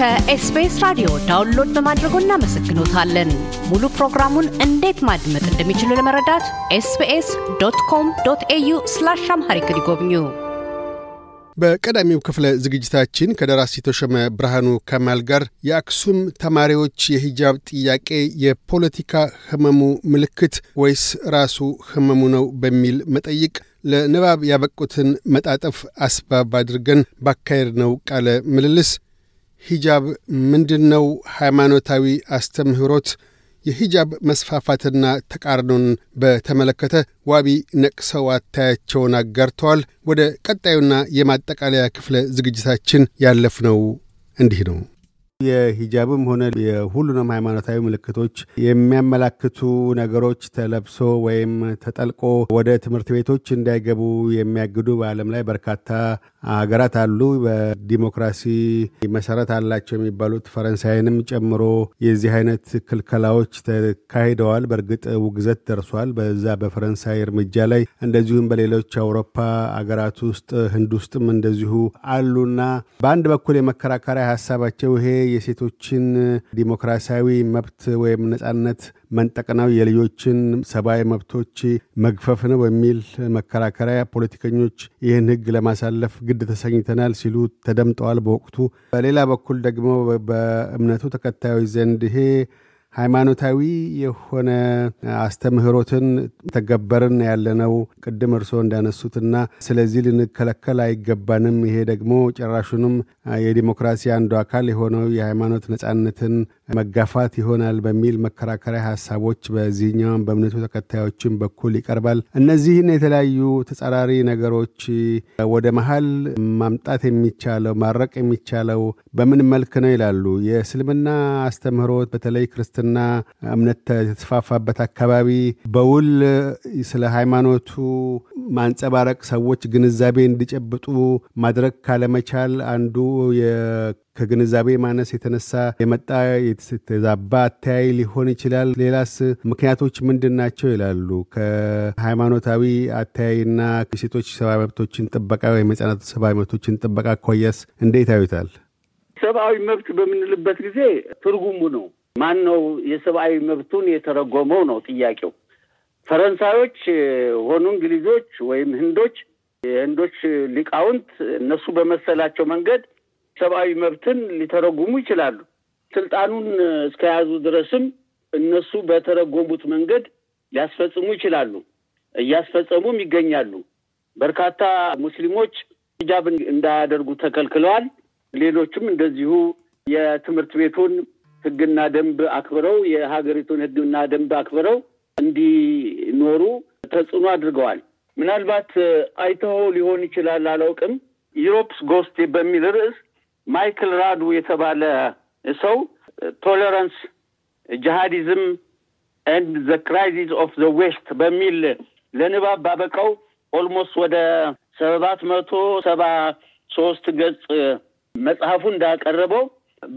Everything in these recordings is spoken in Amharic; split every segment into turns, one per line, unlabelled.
ከኤስቢኤስ ራዲዮ ዳውንሎድ በማድረጎ እናመሰግኖታለን። ሙሉ ፕሮግራሙን እንዴት ማድመጥ እንደሚችሉ ለመረዳት ኤስቢኤስ ዶት ኮም ዶት ኤዩ ስላሽ አምሃሪክ ይጎብኙ። በቀዳሚው ክፍለ ዝግጅታችን ከደራሲ ተሾመ ብርሃኑ ከማል ጋር የአክሱም ተማሪዎች የሂጃብ ጥያቄ የፖለቲካ ህመሙ ምልክት ወይስ ራሱ ህመሙ ነው በሚል መጠይቅ ለንባብ ያበቁትን መጣጠፍ አስባብ አድርገን ባካሄድ ነው ቃለ ምልልስ ሂጃብ ምንድን ነው? ሃይማኖታዊ አስተምህሮት የሂጃብ መስፋፋትና ተቃርኖን በተመለከተ ዋቢ ነቅሰው አታያቸውን አጋርተዋል። ወደ ቀጣዩና የማጠቃለያ ክፍለ ዝግጅታችን ያለፍነው እንዲህ ነው። የሂጃብም ሆነ የሁሉንም ሃይማኖታዊ ምልክቶች የሚያመላክቱ ነገሮች ተለብሶ ወይም ተጠልቆ ወደ ትምህርት ቤቶች እንዳይገቡ የሚያግዱ በዓለም ላይ በርካታ አገራት አሉ። በዲሞክራሲ መሰረት አላቸው የሚባሉት ፈረንሳይንም ጨምሮ የዚህ አይነት ክልከላዎች ተካሂደዋል። በእርግጥ ውግዘት ደርሷል በዛ በፈረንሳይ እርምጃ ላይ እንደዚሁም በሌሎች አውሮፓ አገራት ውስጥ ህንድ ውስጥም እንደዚሁ አሉና በአንድ በኩል የመከራከሪያ ሀሳባቸው ይሄ የሴቶችን ዲሞክራሲያዊ መብት ወይም ነጻነት መንጠቅ የልጆችን ሰብአዊ መብቶች መግፈፍ ነው በሚል መከራከሪያ ፖለቲከኞች ይህን ህግ ለማሳለፍ ግድ ተሰኝተናል ሲሉ ተደምጠዋል በወቅቱ። በሌላ በኩል ደግሞ በእምነቱ ተከታዮች ዘንድ ይሄ ሃይማኖታዊ የሆነ አስተምህሮትን ተገበርን ያለነው ቅድም እርስ እንዳነሱትና ስለዚህ ልንከለከል አይገባንም። ይሄ ደግሞ ጨራሹንም የዲሞክራሲ አንዱ አካል የሆነው የሃይማኖት ነጻነትን መጋፋት ይሆናል በሚል መከራከሪያ ሀሳቦች በዚህኛውም በእምነቱ ተከታዮችን በኩል ይቀርባል። እነዚህን የተለያዩ ተጻራሪ ነገሮች ወደ መሀል ማምጣት የሚቻለው ማረቅ የሚቻለው በምን መልክ ነው ይላሉ። የእስልምና አስተምህሮት በተለይ ክርስትና እምነት የተስፋፋበት አካባቢ በውል ስለ ሃይማኖቱ ማንጸባረቅ፣ ሰዎች ግንዛቤ እንዲጨብጡ ማድረግ ካለመቻል አንዱ ከግንዛቤ ማነስ የተነሳ የመጣ የተዛባ አተያይ ሊሆን ይችላል። ሌላስ ምክንያቶች ምንድን ናቸው ይላሉ። ከሃይማኖታዊ አተያይና የሴቶች ሰብአዊ መብቶችን ጥበቃ ወይም የህጻናት ሰብአዊ መብቶችን ጥበቃ ኮየስ እንዴት ያዩታል?
ሰብአዊ መብት በምንልበት ጊዜ ትርጉሙ ነው። ማን ነው የሰብአዊ መብቱን የተረጎመው ነው ጥያቄው። ፈረንሳዮች ሆኑ እንግሊዞች ወይም ህንዶች የህንዶች ሊቃውንት እነሱ በመሰላቸው መንገድ ሰብአዊ መብትን ሊተረጉሙ ይችላሉ። ስልጣኑን እስከያዙ ድረስም እነሱ በተረጎሙት መንገድ ሊያስፈጽሙ ይችላሉ። እያስፈጸሙም ይገኛሉ። በርካታ ሙስሊሞች ሂጃብ እንዳያደርጉ ተከልክለዋል። ሌሎችም እንደዚሁ የትምህርት ቤቱን ህግና ደንብ አክብረው የሀገሪቱን ህግና ደንብ አክብረው እንዲኖሩ ተጽዕኖ አድርገዋል። ምናልባት አይተሆ ሊሆን ይችላል አላውቅም። ዩሮፕስ ጎስት በሚል ርዕስ ማይክል ራዱ የተባለ ሰው ቶለራንስ ጂሃዲዝም ኤንድ ዘ ክራይሲስ ኦፍ ዘ ዌስት በሚል ለንባብ ባበቃው ኦልሞስት ወደ ሰባት መቶ ሰባ ሶስት ገጽ መጽሐፉ እንዳቀረበው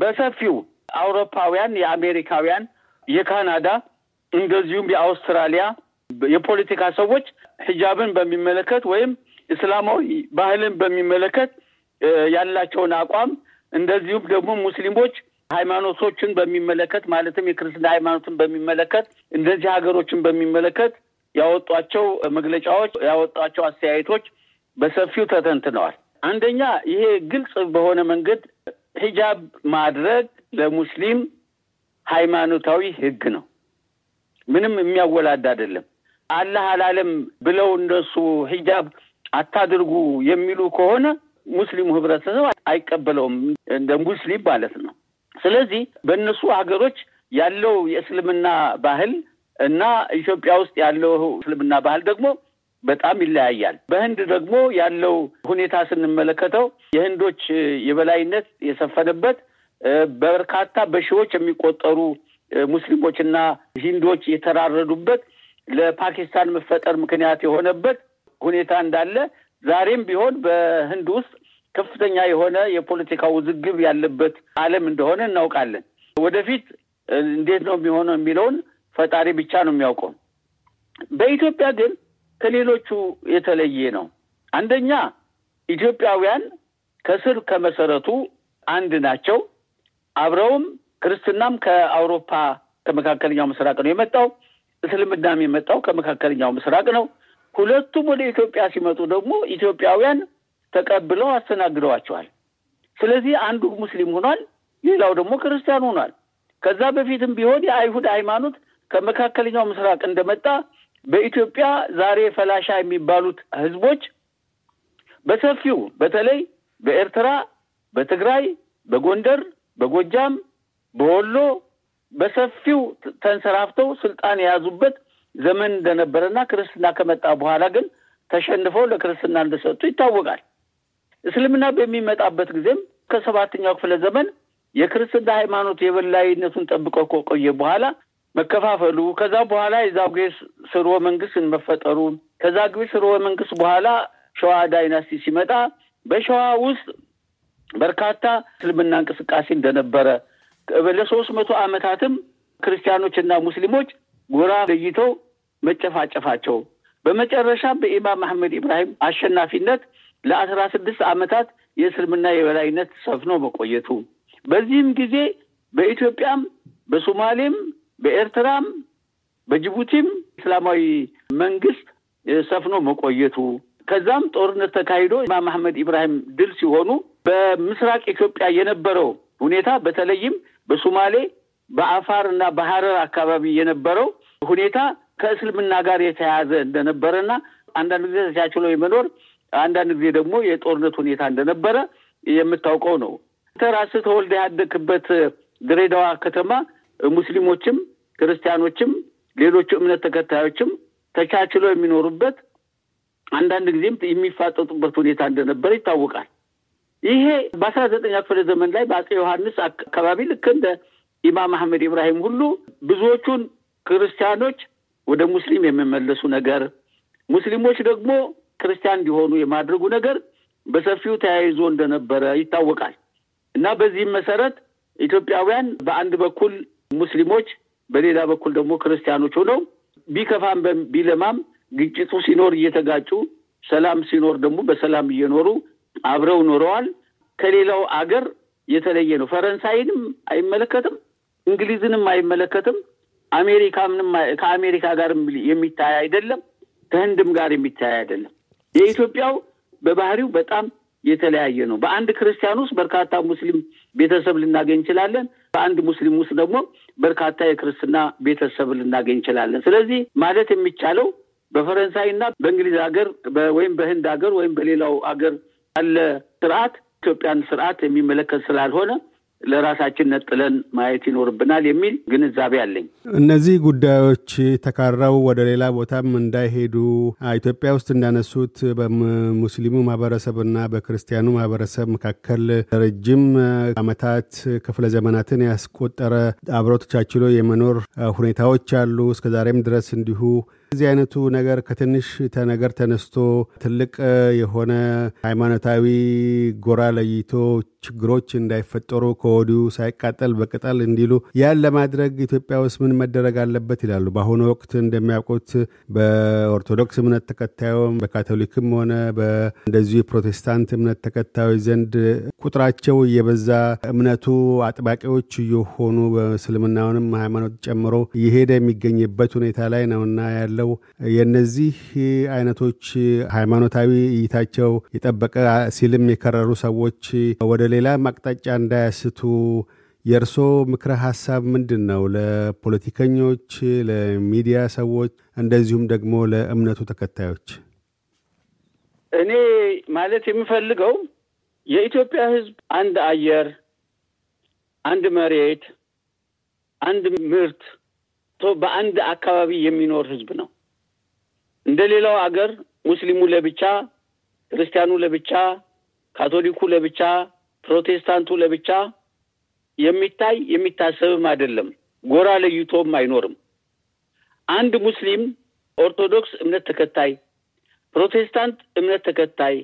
በሰፊው አውሮፓውያን፣ የአሜሪካውያን፣ የካናዳ እንደዚሁም የአውስትራሊያ የፖለቲካ ሰዎች ሂጃብን በሚመለከት ወይም እስላማዊ ባህልን በሚመለከት ያላቸውን አቋም እንደዚሁም ደግሞ ሙስሊሞች ሃይማኖቶችን በሚመለከት ማለትም የክርስትና ሃይማኖትን በሚመለከት እንደዚህ ሀገሮችን በሚመለከት ያወጧቸው መግለጫዎች ያወጧቸው አስተያየቶች በሰፊው ተተንትነዋል። አንደኛ ይሄ ግልጽ በሆነ መንገድ ሂጃብ ማድረግ ለሙስሊም ሃይማኖታዊ ህግ ነው። ምንም የሚያወላድ አይደለም። አላህ አላለም ብለው እንደሱ ሂጃብ አታድርጉ የሚሉ ከሆነ ሙስሊሙ ህብረተሰብ አይቀበለውም፣ እንደ ሙስሊም ማለት ነው። ስለዚህ በእነሱ ሀገሮች ያለው የእስልምና ባህል እና ኢትዮጵያ ውስጥ ያለው እስልምና ባህል ደግሞ በጣም ይለያያል። በህንድ ደግሞ ያለው ሁኔታ ስንመለከተው የህንዶች የበላይነት የሰፈነበት በበርካታ በሺዎች የሚቆጠሩ ሙስሊሞችና ሂንዶች የተራረዱበት ለፓኪስታን መፈጠር ምክንያት የሆነበት ሁኔታ እንዳለ ዛሬም ቢሆን በህንድ ውስጥ ከፍተኛ የሆነ የፖለቲካ ውዝግብ ያለበት ዓለም እንደሆነ እናውቃለን። ወደፊት እንዴት ነው የሚሆነው የሚለውን ፈጣሪ ብቻ ነው የሚያውቀው። በኢትዮጵያ ግን ከሌሎቹ የተለየ ነው። አንደኛ ኢትዮጵያውያን ከስር ከመሰረቱ አንድ ናቸው። አብረውም ክርስትናም ከአውሮፓ ከመካከለኛው ምስራቅ ነው የመጣው። እስልምናም የመጣው ከመካከለኛው ምስራቅ ነው። ሁለቱም ወደ ኢትዮጵያ ሲመጡ ደግሞ ኢትዮጵያውያን ተቀብለው አስተናግደዋቸዋል። ስለዚህ አንዱ ሙስሊም ሆኗል፣ ሌላው ደግሞ ክርስቲያን ሆኗል። ከዛ በፊትም ቢሆን የአይሁድ ሃይማኖት ከመካከለኛው ምስራቅ እንደመጣ በኢትዮጵያ ዛሬ ፈላሻ የሚባሉት ህዝቦች በሰፊው በተለይ በኤርትራ፣ በትግራይ፣ በጎንደር፣ በጎጃም፣ በወሎ በሰፊው ተንሰራፍተው ስልጣን የያዙበት ዘመን እንደነበረና ክርስትና ከመጣ በኋላ ግን ተሸንፈው ለክርስትና እንደሰጡ ይታወቃል። እስልምና በሚመጣበት ጊዜም ከሰባተኛው ክፍለ ዘመን የክርስትና ሃይማኖት የበላይነቱን ጠብቆ ከቆየ በኋላ መከፋፈሉ ከዛ በኋላ የዛጉ ስርወ መንግስት መፈጠሩ ከዛጉ ስርወ መንግስት በኋላ ሸዋ ዳይናስቲ ሲመጣ በሸዋ ውስጥ በርካታ እስልምና እንቅስቃሴ እንደነበረ ለሶስት መቶ ዓመታትም ክርስቲያኖችና ሙስሊሞች ጎራ ለይተው መጨፋጨፋቸው በመጨረሻ በኢማም አህመድ ኢብራሂም አሸናፊነት ለአስራ ስድስት ዓመታት የእስልምና የበላይነት ሰፍኖ መቆየቱ በዚህም ጊዜ በኢትዮጵያም በሶማሌም በኤርትራም በጅቡቲም እስላማዊ መንግስት ሰፍኖ መቆየቱ ከዛም ጦርነት ተካሂዶ ኢማም አህመድ ኢብራሂም ድል ሲሆኑ በምስራቅ ኢትዮጵያ የነበረው ሁኔታ በተለይም በሶማሌ በአፋር እና በሀረር አካባቢ የነበረው ሁኔታ ከእስልምና ጋር የተያያዘ እንደነበረና አንዳንድ ጊዜ ተቻችሎ የመኖር አንዳንድ ጊዜ ደግሞ የጦርነት ሁኔታ እንደነበረ የምታውቀው ነው። አንተ ራስህ ተወልደህ ድሬዳዋ ከተማ ሙስሊሞችም ክርስቲያኖችም ሌሎቹ እምነት ተከታዮችም ተቻችሎ የሚኖሩበት አንዳንድ ጊዜም የሚፋጠጡበት ሁኔታ እንደነበረ ይታወቃል። ይሄ በአስራ ዘጠኛ ክፍለ ዘመን ላይ በአጼ ዮሐንስ አካባቢ ልክ እንደ ኢማም አህመድ ኢብራሂም ሁሉ ብዙዎቹን ክርስቲያኖች ወደ ሙስሊም የሚመለሱ ነገር ሙስሊሞች ደግሞ ክርስቲያን እንዲሆኑ የማድረጉ ነገር በሰፊው ተያይዞ እንደነበረ ይታወቃል እና በዚህም መሰረት ኢትዮጵያውያን በአንድ በኩል ሙስሊሞች፣ በሌላ በኩል ደግሞ ክርስቲያኖች ሆነው ቢከፋም ቢለማም ግጭቱ ሲኖር እየተጋጩ ሰላም ሲኖር ደግሞ በሰላም እየኖሩ አብረው ኑረዋል። ከሌላው አገር የተለየ ነው። ፈረንሳይንም አይመለከትም፣ እንግሊዝንም አይመለከትም፣ አሜሪካንም ከአሜሪካ ጋር የሚታይ አይደለም፣ ከህንድም ጋር የሚታይ አይደለም። የኢትዮጵያው በባህሪው በጣም የተለያየ ነው። በአንድ ክርስቲያን ውስጥ በርካታ ሙስሊም ቤተሰብ ልናገኝ እንችላለን። በአንድ ሙስሊም ውስጥ ደግሞ በርካታ የክርስትና ቤተሰብ ልናገኝ እንችላለን። ስለዚህ ማለት የሚቻለው በፈረንሳይና በእንግሊዝ ሀገር ወይም በህንድ ሀገር ወይም በሌላው ሀገር ያለ ስርዓት ኢትዮጵያን ስርዓት የሚመለከት ስላልሆነ ለራሳችን ነጥለን ማየት ይኖርብናል የሚል ግንዛቤ አለኝ።
እነዚህ ጉዳዮች ተካረው ወደ ሌላ ቦታም እንዳይሄዱ ኢትዮጵያ ውስጥ እንዳነሱት በሙስሊሙ ማህበረሰብና በክርስቲያኑ ማህበረሰብ መካከል ረጅም ዓመታት ክፍለ ዘመናትን ያስቆጠረ አብሮ ተቻችሎ የመኖር ሁኔታዎች አሉ። እስከዛሬም ድረስ እንዲሁ እዚህ አይነቱ ነገር ከትንሽ ነገር ተነስቶ ትልቅ የሆነ ሃይማኖታዊ ጎራ ለይቶ ችግሮች እንዳይፈጠሩ ከወዲሁ ሳይቃጠል በቅጠል እንዲሉ ያን ለማድረግ ኢትዮጵያ ውስጥ ምን መደረግ አለበት ይላሉ። በአሁኑ ወቅት እንደሚያውቁት በኦርቶዶክስ እምነት ተከታዩም በካቶሊክም ሆነ እንደዚሁ የፕሮቴስታንት እምነት ተከታዮች ዘንድ ቁጥራቸው እየበዛ እምነቱ አጥባቂዎች እየሆኑ በእስልምናውንም ሃይማኖት ጨምሮ እየሄደ የሚገኝበት ሁኔታ ላይ ነውና ያለ ያለው የነዚህ አይነቶች ሃይማኖታዊ እይታቸው የጠበቀ ሲልም የከረሩ ሰዎች ወደ ሌላ አቅጣጫ እንዳያስቱ የእርሶ ምክረ ሀሳብ ምንድን ነው? ለፖለቲከኞች፣ ለሚዲያ ሰዎች እንደዚሁም ደግሞ ለእምነቱ ተከታዮች።
እኔ ማለት የምፈልገው የኢትዮጵያ ሕዝብ አንድ አየር፣ አንድ መሬት፣ አንድ ምርት በአንድ አካባቢ የሚኖር ህዝብ ነው። እንደ ሌላው አገር ሙስሊሙ ለብቻ፣ ክርስቲያኑ ለብቻ፣ ካቶሊኩ ለብቻ፣ ፕሮቴስታንቱ ለብቻ የሚታይ የሚታሰብም አይደለም። ጎራ ለይቶም አይኖርም። አንድ ሙስሊም ኦርቶዶክስ እምነት ተከታይ፣ ፕሮቴስታንት እምነት ተከታይ፣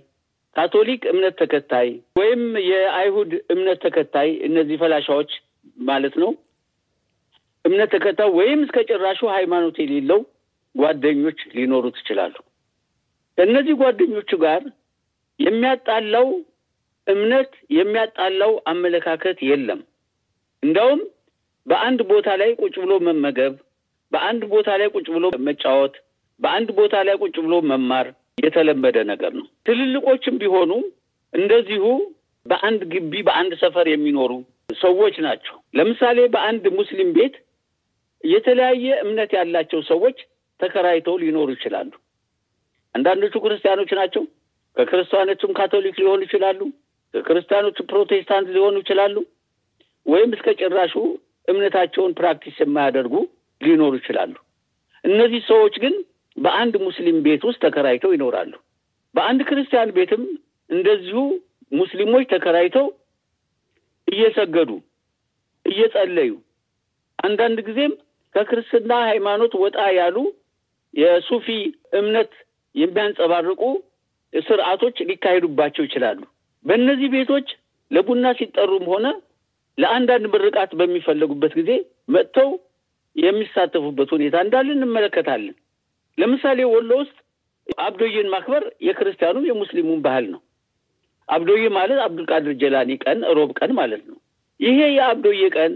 ካቶሊክ እምነት ተከታይ ወይም የአይሁድ እምነት ተከታይ እነዚህ ፈላሻዎች ማለት ነው እምነት ተከታይ ወይም እስከ ጭራሹ ሃይማኖት የሌለው ጓደኞች ሊኖሩ ይችላሉ። ከእነዚህ ጓደኞቹ ጋር የሚያጣላው እምነት የሚያጣላው አመለካከት የለም። እንደውም በአንድ ቦታ ላይ ቁጭ ብሎ መመገብ፣ በአንድ ቦታ ላይ ቁጭ ብሎ መጫወት፣ በአንድ ቦታ ላይ ቁጭ ብሎ መማር የተለመደ ነገር ነው። ትልልቆችም ቢሆኑ እንደዚሁ በአንድ ግቢ፣ በአንድ ሰፈር የሚኖሩ ሰዎች ናቸው። ለምሳሌ በአንድ ሙስሊም ቤት የተለያየ እምነት ያላቸው ሰዎች ተከራይተው ሊኖሩ ይችላሉ። አንዳንዶቹ ክርስቲያኖች ናቸው። ከክርስቲያኖቹም ካቶሊክ ሊሆኑ ይችላሉ። ከክርስቲያኖቹ ፕሮቴስታንት ሊሆኑ ይችላሉ። ወይም እስከ ጭራሹ እምነታቸውን ፕራክቲስ የማያደርጉ ሊኖሩ ይችላሉ። እነዚህ ሰዎች ግን በአንድ ሙስሊም ቤት ውስጥ ተከራይተው ይኖራሉ። በአንድ ክርስቲያን ቤትም እንደዚሁ ሙስሊሞች ተከራይተው እየሰገዱ እየጸለዩ አንዳንድ ጊዜም ከክርስትና ሃይማኖት ወጣ ያሉ የሱፊ እምነት የሚያንጸባርቁ ስርዓቶች ሊካሄዱባቸው ይችላሉ። በእነዚህ ቤቶች ለቡና ሲጠሩም ሆነ ለአንዳንድ ምርቃት በሚፈለጉበት ጊዜ መጥተው የሚሳተፉበት ሁኔታ እንዳለ እንመለከታለን። ለምሳሌ ወሎ ውስጥ አብዶይን ማክበር የክርስቲያኑ የሙስሊሙን ባህል ነው። አብዶዬ ማለት አብዱልቃድር ጀላኒ ቀን ሮብ ቀን ማለት ነው። ይሄ የአብዶዬ ቀን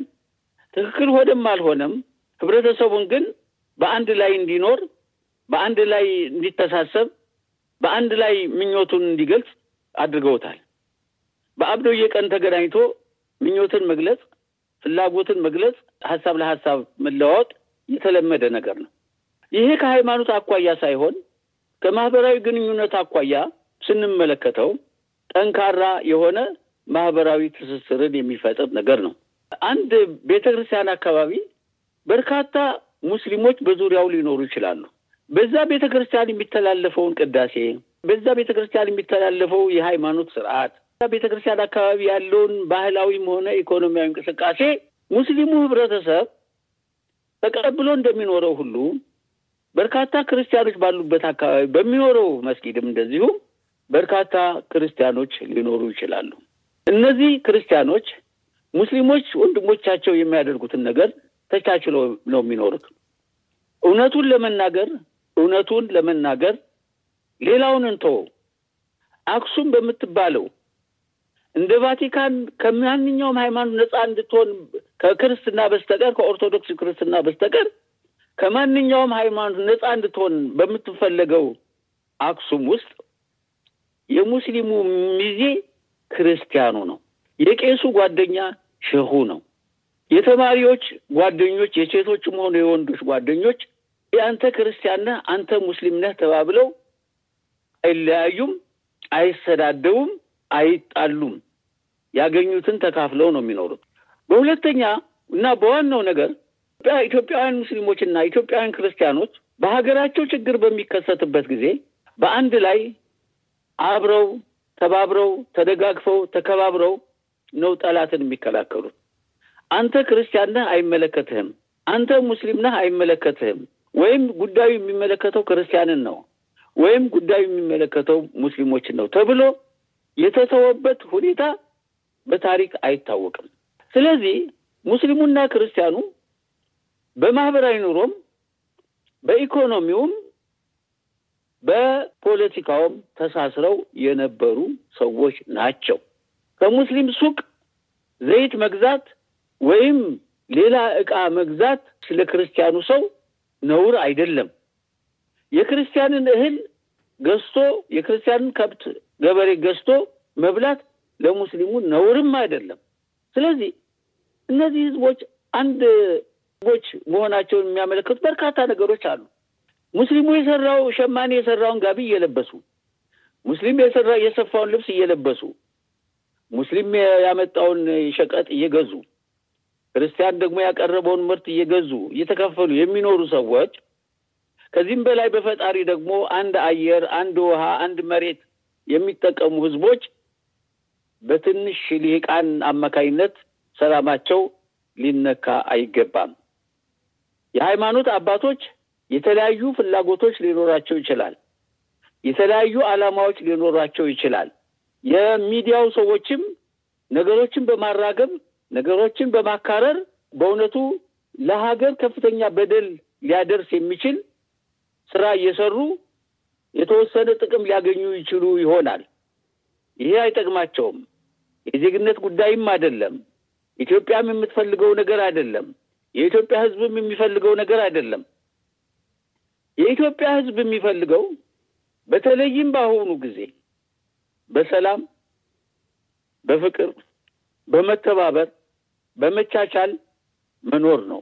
ትክክል ሆነም አልሆነም ህብረተሰቡን ግን በአንድ ላይ እንዲኖር፣ በአንድ ላይ እንዲተሳሰብ፣ በአንድ ላይ ምኞቱን እንዲገልጽ አድርገውታል። በአብዶ የቀን ተገናኝቶ ምኞትን መግለጽ፣ ፍላጎትን መግለጽ፣ ሀሳብ ለሀሳብ መለዋወጥ የተለመደ ነገር ነው። ይሄ ከሃይማኖት አኳያ ሳይሆን ከማህበራዊ ግንኙነት አኳያ ስንመለከተው ጠንካራ የሆነ ማህበራዊ ትስስርን የሚፈጥር ነገር ነው። አንድ ቤተክርስቲያን አካባቢ በርካታ ሙስሊሞች በዙሪያው ሊኖሩ ይችላሉ። በዛ ቤተ ክርስቲያን የሚተላለፈውን ቅዳሴ፣ በዛ ቤተ ክርስቲያን የሚተላለፈው የሃይማኖት ስርዓት፣ ቤተ ክርስቲያን አካባቢ ያለውን ባህላዊም ሆነ ኢኮኖሚያዊ እንቅስቃሴ ሙስሊሙ ህብረተሰብ ተቀብሎ እንደሚኖረው ሁሉ በርካታ ክርስቲያኖች ባሉበት አካባቢ በሚኖረው መስጊድም እንደዚሁ በርካታ ክርስቲያኖች ሊኖሩ ይችላሉ። እነዚህ ክርስቲያኖች ሙስሊሞች ወንድሞቻቸው የሚያደርጉትን ነገር ተቻችሎ ነው የሚኖሩት። እውነቱን ለመናገር እውነቱን ለመናገር ሌላውን እንተው። አክሱም በምትባለው እንደ ቫቲካን ከማንኛውም ሃይማኖት ነፃ እንድትሆን ከክርስትና በስተቀር ከኦርቶዶክስ ክርስትና በስተቀር ከማንኛውም ሃይማኖት ነፃ እንድትሆን በምትፈለገው አክሱም ውስጥ የሙስሊሙ ሚዜ ክርስቲያኑ ነው። የቄሱ ጓደኛ ሸሁ ነው። የተማሪዎች ጓደኞች የሴቶችም ሆኑ የወንዶች ጓደኞች የአንተ ክርስቲያን ነህ፣ አንተ ሙስሊም ነህ ተባብለው አይለያዩም፣ አይሰዳደቡም፣ አይጣሉም። ያገኙትን ተካፍለው ነው የሚኖሩት። በሁለተኛ እና በዋናው ነገር ኢትዮጵያውያን ሙስሊሞችና ኢትዮጵያውያን ክርስቲያኖች በሀገራቸው ችግር በሚከሰትበት ጊዜ በአንድ ላይ አብረው ተባብረው ተደጋግፈው ተከባብረው ነው ጠላትን የሚከላከሉት። አንተ ክርስቲያን ነህ አይመለከትህም፣ አንተ ሙስሊም ነህ አይመለከትህም። ወይም ጉዳዩ የሚመለከተው ክርስቲያንን ነው ወይም ጉዳዩ የሚመለከተው ሙስሊሞችን ነው ተብሎ የተተወበት ሁኔታ በታሪክ አይታወቅም። ስለዚህ ሙስሊሙና ክርስቲያኑ በማህበራዊ ኑሮም በኢኮኖሚውም በፖለቲካውም ተሳስረው የነበሩ ሰዎች ናቸው። ከሙስሊም ሱቅ ዘይት መግዛት ወይም ሌላ ዕቃ መግዛት ስለ ክርስቲያኑ ሰው ነውር አይደለም። የክርስቲያንን እህል ገዝቶ የክርስቲያንን ከብት ገበሬ ገዝቶ መብላት ለሙስሊሙ ነውርም አይደለም። ስለዚህ እነዚህ ህዝቦች አንድ ህዝቦች መሆናቸውን የሚያመለክቱ በርካታ ነገሮች አሉ። ሙስሊሙ የሰራው ሸማኔ የሰራውን ጋቢ እየለበሱ ሙስሊም የሰራ የሰፋውን ልብስ እየለበሱ ሙስሊም ያመጣውን ሸቀጥ እየገዙ ክርስቲያን ደግሞ ያቀረበውን ምርት እየገዙ እየተከፈሉ የሚኖሩ ሰዎች ከዚህም በላይ በፈጣሪ ደግሞ አንድ አየር፣ አንድ ውሃ፣ አንድ መሬት የሚጠቀሙ ህዝቦች በትንሽ ሊቃን አማካኝነት ሰላማቸው ሊነካ አይገባም። የሃይማኖት አባቶች የተለያዩ ፍላጎቶች ሊኖራቸው ይችላል። የተለያዩ ዓላማዎች ሊኖራቸው ይችላል። የሚዲያው ሰዎችም ነገሮችን በማራገብ ነገሮችን በማካረር በእውነቱ ለሀገር ከፍተኛ በደል ሊያደርስ የሚችል ስራ እየሰሩ የተወሰነ ጥቅም ሊያገኙ ይችሉ ይሆናል። ይሄ አይጠቅማቸውም። የዜግነት ጉዳይም አይደለም። ኢትዮጵያም የምትፈልገው ነገር አይደለም። የኢትዮጵያ ሕዝብም የሚፈልገው ነገር አይደለም። የኢትዮጵያ ሕዝብ የሚፈልገው በተለይም በአሁኑ ጊዜ በሰላም፣ በፍቅር፣ በመተባበር በመቻቻል መኖር ነው።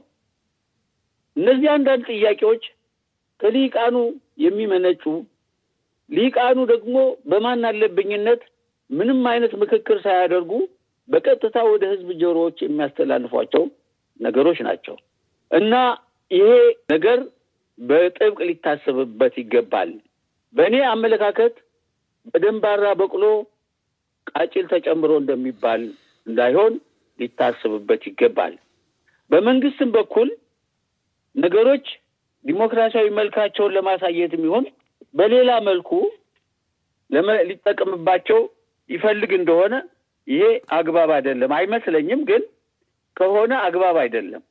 እነዚህ አንዳንድ ጥያቄዎች ከሊቃኑ የሚመነጩ ሊቃኑ ደግሞ በማን አለብኝነት ምንም አይነት ምክክር ሳያደርጉ በቀጥታ ወደ ህዝብ ጆሮዎች የሚያስተላልፏቸው ነገሮች ናቸው እና ይሄ ነገር በጥብቅ ሊታሰብበት ይገባል። በእኔ አመለካከት በደንባራ በቅሎ ቃጭል ተጨምሮ እንደሚባል እንዳይሆን ሊታሰብበት ይገባል። በመንግስትም በኩል ነገሮች ዲሞክራሲያዊ መልካቸውን ለማሳየት የሚሆን በሌላ መልኩ ሊጠቀምባቸው ይፈልግ እንደሆነ ይሄ አግባብ አይደለም፣ አይመስለኝም። ግን ከሆነ አግባብ አይደለም።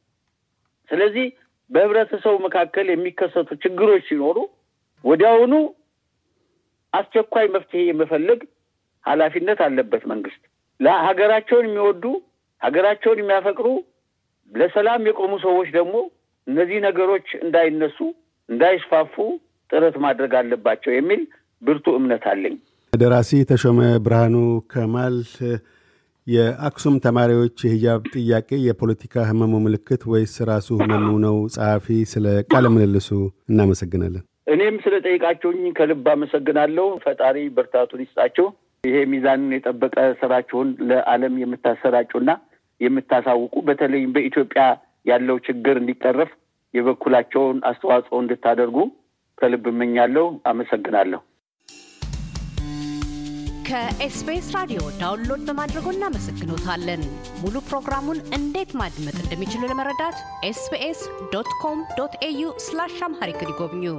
ስለዚህ በህብረተሰቡ መካከል የሚከሰቱ ችግሮች ሲኖሩ ወዲያውኑ አስቸኳይ መፍትሄ የመፈለግ ኃላፊነት አለበት መንግስት ለሀገራቸውን የሚወዱ ሀገራቸውን የሚያፈቅሩ ለሰላም የቆሙ ሰዎች ደግሞ እነዚህ ነገሮች እንዳይነሱ እንዳይስፋፉ ጥረት ማድረግ አለባቸው የሚል ብርቱ
እምነት አለኝ። ደራሲ ተሾመ ብርሃኑ ከማል የአክሱም ተማሪዎች የሂጃብ ጥያቄ የፖለቲካ ህመሙ ምልክት ወይስ ራሱ ህመሙ ነው? ጸሐፊ፣ ስለ ቃለ ምልልሱ እናመሰግናለን።
እኔም ስለ ጠይቃችሁኝ ከልብ አመሰግናለሁ። ፈጣሪ ብርታቱን ይስጣችሁ። ይሄ ሚዛንን የጠበቀ ስራችሁን ለዓለም የምታሰራጩና የምታሳውቁ በተለይም በኢትዮጵያ ያለው ችግር እንዲቀረፍ የበኩላቸውን አስተዋጽኦ እንድታደርጉ ከልብ እመኛለሁ። አመሰግናለሁ።
ከኤስቢኤስ ራዲዮ ዳውንሎድ በማድረጎ እናመሰግኖታለን። ሙሉ ፕሮግራሙን እንዴት ማድመጥ እንደሚችሉ ለመረዳት ኤስቢኤስ ዶት ኮም ዶት ኤዩ ስላሽ አምሃሪክ ይጎብኙ።